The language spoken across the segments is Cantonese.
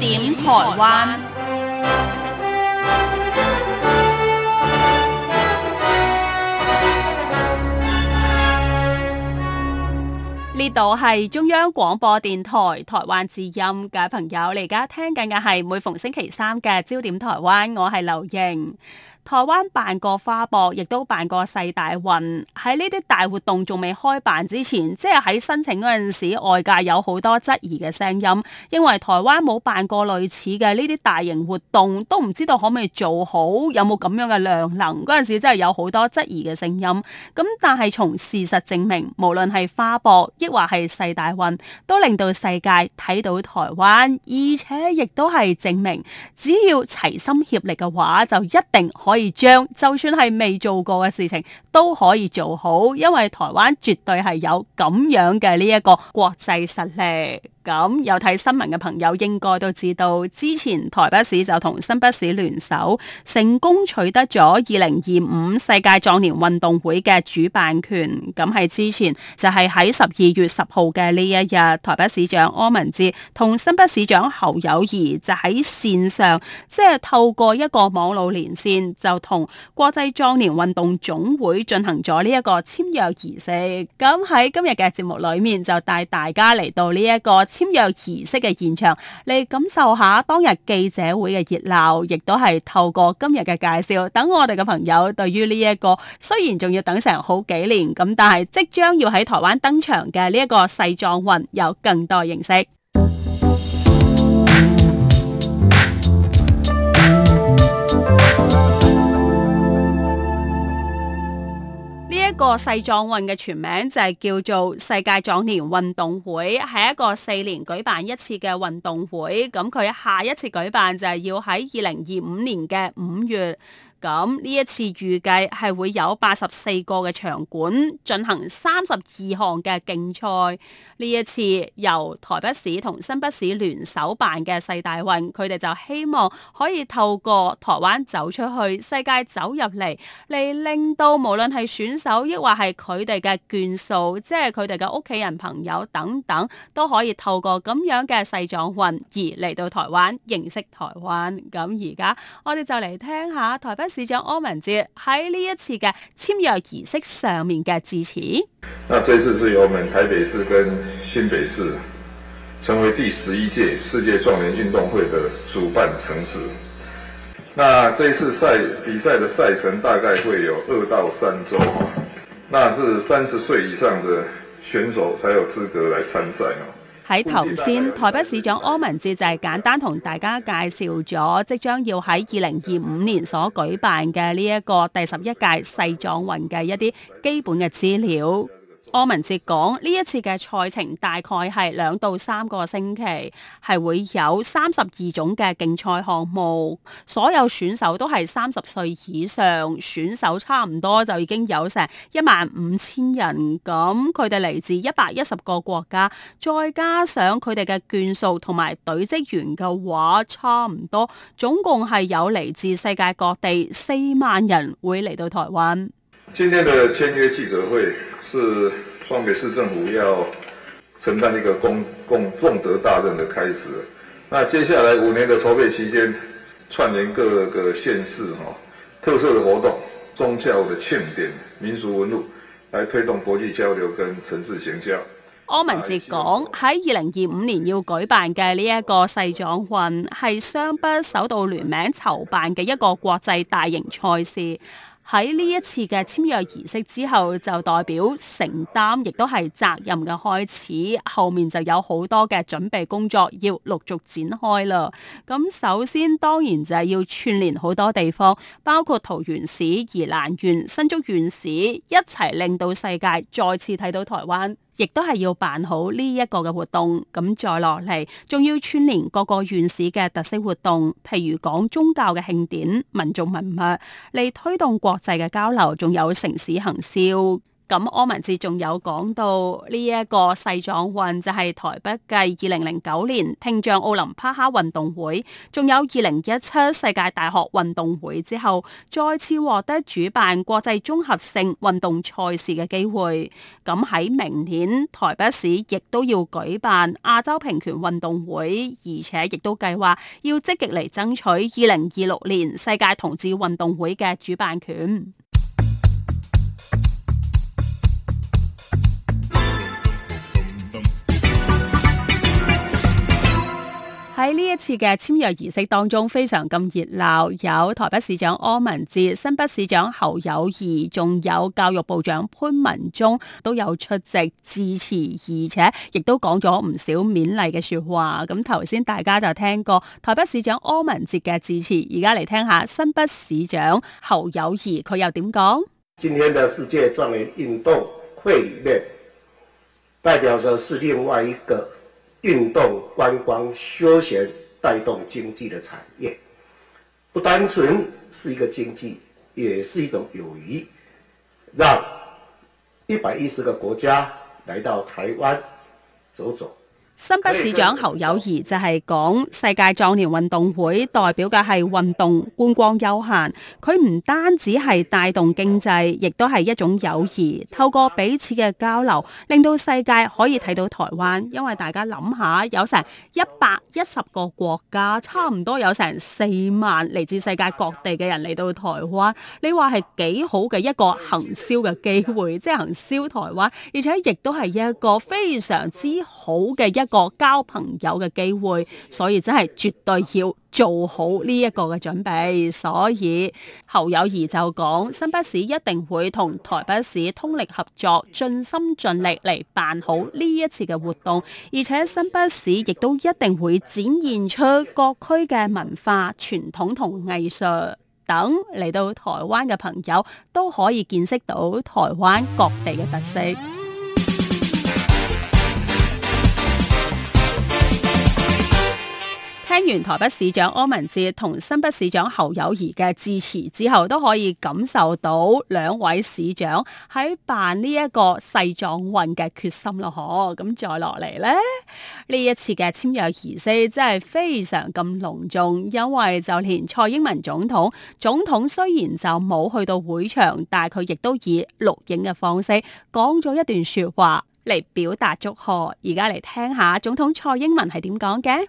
點台灣，呢度係中央廣播電台台灣之音嘅朋友，你而家聽緊嘅係每逢星期三嘅焦點台灣，我係劉瑩。台灣辦過花博，亦都辦過世大運。喺呢啲大活動仲未開辦之前，即係喺申請嗰陣時，外界有好多質疑嘅聲音，認為台灣冇辦過類似嘅呢啲大型活動，都唔知道可唔可以做好，有冇咁樣嘅量能。嗰陣時，真係有好多質疑嘅聲音。咁但係從事實證明，無論係花博，亦或係世大運，都令到世界睇到台灣，而且亦都係證明，只要齊心協力嘅話，就一定可以。將就算係未做過嘅事情都可以做好，因為台灣絕對係有咁樣嘅呢一個國際實力。咁有睇新聞嘅朋友應該都知道，之前台北市就同新北市聯手成功取得咗二零二五世界壯年運動會嘅主辦權。咁、嗯、係之前就係喺十二月十號嘅呢一日，台北市長柯文哲同新北市長侯友宜就喺線上，即係透過一個網絡連線，就同國際壯年運動總會進行咗呢一個簽約儀式。咁、嗯、喺今日嘅節目裏面，就帶大家嚟到呢、這、一個。簽約儀式嘅現場，嚟感受下當日記者會嘅熱鬧，亦都係透過今日嘅介紹，等我哋嘅朋友對於呢一個雖然仲要等成好幾年咁，但係即將要喺台灣登場嘅呢一個世壯運有更多認識。個世壯運嘅全名就係叫做世界壯年運動會，係一個四年舉辦一次嘅運動會。咁佢下一次舉辦就係要喺二零二五年嘅五月。咁呢一次預計係會有八十四個嘅場館進行三十二項嘅競賽。呢一次由台北市同新北市聯手辦嘅世大運，佢哋就希望可以透過台灣走出去，世界走入嚟，嚟令到無論係選手，抑或係佢哋嘅眷屬，即係佢哋嘅屋企人、朋友等等，都可以透過咁樣嘅世壯運而嚟到台灣認識台灣，咁而家我哋就嚟聽下台北市長柯文哲喺呢一次嘅簽約儀式上面嘅致辭。那這次是由我們台北市跟新北市成為第十一屆世界壯年運動會的主辦城市。那這次賽比賽的賽程大概會有二到三周。那是三十歲以上的選手才有資格來參賽哦。喺頭先，台北市長柯文哲就係簡單同大家介紹咗，即將要喺二零二五年所舉辦嘅呢一個第十一屆世壯運嘅一啲基本嘅資料。柯文哲講：呢一次嘅賽程大概係兩到三個星期，係會有三十二種嘅競賽項目，所有選手都係三十歲以上，選手差唔多就已經有成一萬五千人，咁佢哋嚟自一百一十個國家，再加上佢哋嘅眷屬同埋隊職員嘅話，差唔多總共係有嚟自世界各地四萬人會嚟到台灣。今天的簽約記者會。是雙北市政府要承擔一個公共重責大任的開始。那接下來五年的籌備期間，串連各個縣市特色的活動、宗教的慶典、民俗文化，來推動國際交流跟城市形象。柯文哲講，喺二零二五年要舉辦嘅呢一個世壯運，係雙北首度聯名籌辦嘅一個國際大型賽事。喺呢一次嘅簽約儀式之後，就代表承擔亦都係責任嘅開始，後面就有好多嘅準備工作要陸續展開啦。咁首先當然就係要串聯好多地方，包括桃園市、宜蘭縣、新竹縣市，一齊令到世界再次睇到台灣。亦都係要辦好呢一個嘅活動，咁再落嚟，仲要串聯各個縣市嘅特色活動，譬如講宗教嘅慶典、民族文物，嚟推動國際嘅交流，仲有城市行銷。咁柯文哲仲有講到呢一個世壯運就係台北繼二零零九年聽障奧林匹克運動會，仲有二零一七世界大學運動會之後，再次獲得主辦國際綜合性運動賽事嘅機會。咁喺明年台北市亦都要舉辦亞洲平權運動會，而且亦都計劃要積極嚟爭取二零二六年世界同志運動會嘅主辦權。喺呢一次嘅簽約儀式當中非常咁熱鬧，有台北市長柯文哲、新北市長侯友宜，仲有教育部長潘文忠都有出席致辭，而且亦都講咗唔少勉勵嘅說話，咁頭先大家就聽過台北市長柯文哲嘅致辭，而家嚟聽下新北市長侯友宜，佢又點講？今天的世界壯年運動會裡面，代表着是另外一個。運動、觀光、休閒帶動經濟的產業，不單純是一個經濟，也是一種友誼，讓一百一十個國家來到台灣走走。新北市長侯友宜就係講，世界壯年運動會代表嘅係運動、觀光、休閒，佢唔單止係帶動經濟，亦都係一種友誼。透過彼此嘅交流，令到世界可以睇到台灣。因為大家諗下，有成一百一十個國家，差唔多有成四萬嚟自世界各地嘅人嚟到台灣，你話係幾好嘅一個行銷嘅機會，即係行銷台灣，而且亦都係一個非常之好嘅一。個交朋友嘅機會，所以真係絕對要做好呢一個嘅準備。所以侯友宜就講，新北市一定會同台北市通力合作，盡心盡力嚟辦好呢一次嘅活動。而且新北市亦都一定會展現出各區嘅文化、傳統同藝術等，嚟到台灣嘅朋友都可以見識到台灣各地嘅特色。原台北市長柯文哲同新北市長侯友宜嘅致辭之後，都可以感受到兩位市長喺辦呢一個世壯運嘅決心咯。嗬，咁再落嚟呢，呢一次嘅簽約儀式真係非常咁隆重，因為就連蔡英文總統，總統雖然就冇去到會場，但係佢亦都以錄影嘅方式講咗一段說話嚟表達祝賀。而家嚟聽下總統蔡英文係點講嘅。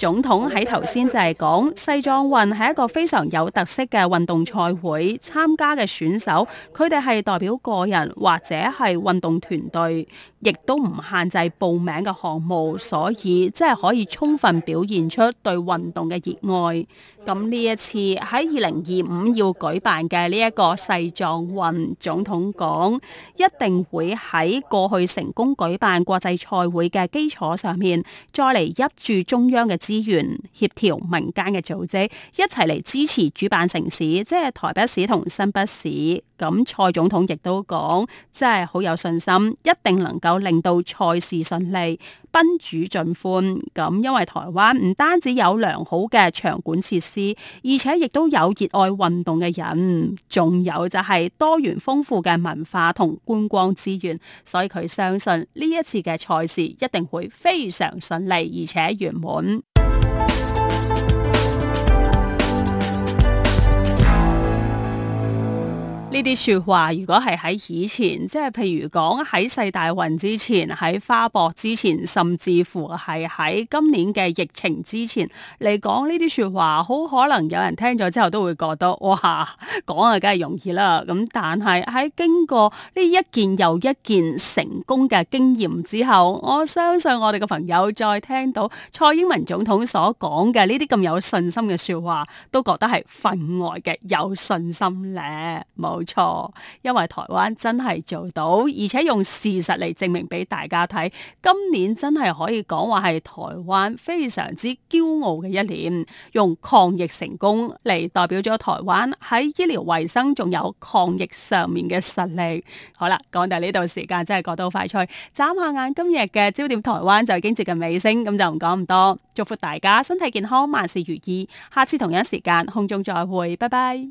總統喺頭先就係講，世壯運係一個非常有特色嘅運動賽會，參加嘅選手佢哋係代表個人或者係運動團隊，亦都唔限制報名嘅項目，所以即係可以充分表現出對運動嘅熱愛。咁呢一次喺二零二五要舉辦嘅呢一個世壯運，總統講一定會喺過去成功舉辦國際賽會嘅基礎上面，再嚟挹注中央嘅。支援協調民間嘅組織一齊嚟支持主辦城市，即係台北市同新北市。咁蔡總統亦都講，即係好有信心，一定能夠令到賽事順利、賓主盡歡。咁因為台灣唔單止有良好嘅場館設施，而且亦都有熱愛運動嘅人，仲有就係多元豐富嘅文化同觀光資源，所以佢相信呢一次嘅賽事一定會非常順利而且圓滿。呢啲説話，如果係喺以前，即係譬如講喺世大運之前，喺花博之前，甚至乎係喺今年嘅疫情之前嚟講呢啲説話，好可能有人聽咗之後都會覺得，哇，講啊梗係容易啦。咁但係喺經過呢一件又一件成功嘅經驗之後，我相信我哋嘅朋友再聽到蔡英文總統所講嘅呢啲咁有信心嘅説話，都覺得係分外嘅有信心咧，冇。冇錯，因為台灣真係做到，而且用事實嚟證明俾大家睇。今年真係可以講話係台灣非常之驕傲嘅一年，用抗疫成功嚟代表咗台灣喺醫療衞生仲有抗疫上面嘅實力。好啦，講到呢度時間真係過到快脆，眨下眼今日嘅《焦點台灣》就已經接近尾聲，咁就唔講咁多。祝福大家身體健康，萬事如意。下次同一時間空中再會，拜拜。